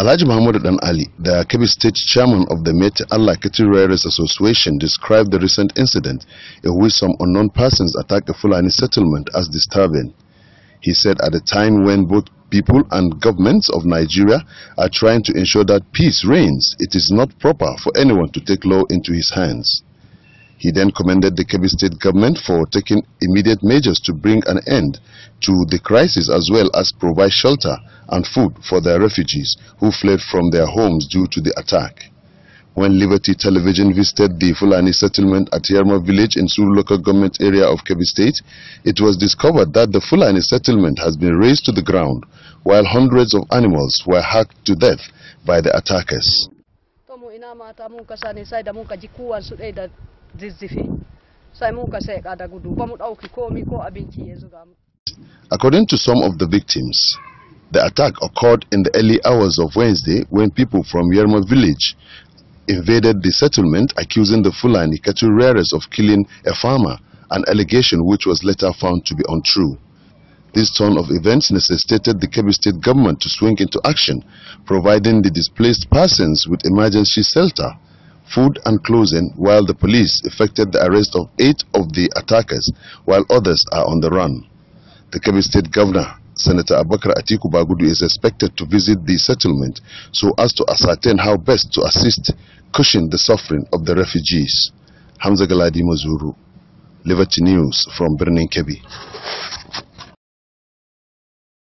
Alhaji Muhammad Dan Ali, the Kebbi State Chairman of the Mete Allah Kitty Railways Association, described the recent incident in which some unknown persons attacked a Fulani settlement as disturbing. He said at a time when both people and governments of Nigeria are trying to ensure that peace reigns, it is not proper for anyone to take law into his hands. He then commended the Kebbi state government for taking immediate measures to bring an end to the crisis as well as provide shelter and food for their refugees who fled from their homes due to the attack. When Liberty Television visited the Fulani settlement at Yerma village in Suru local government area of Kebbi state, it was discovered that the Fulani settlement has been razed to the ground while hundreds of animals were hacked to death by the attackers according to some of the victims the attack occurred in the early hours of Wednesday when people from Yermo village invaded the settlement accusing the Fulani cattle of killing a farmer, an allegation which was later found to be untrue. This turn of events necessitated the Kebbi State government to swing into action, providing the displaced persons with emergency shelter food and clothing while the police effected the arrest of eight of the attackers while others are on the run. The Kebbi State Governor, Senator Abakar Atiku Bagudu is expected to visit the settlement so as to ascertain how best to assist cushion the suffering of the refugees. Hamza Galadi Mazuru, Liberty News from Birnin Kebbi.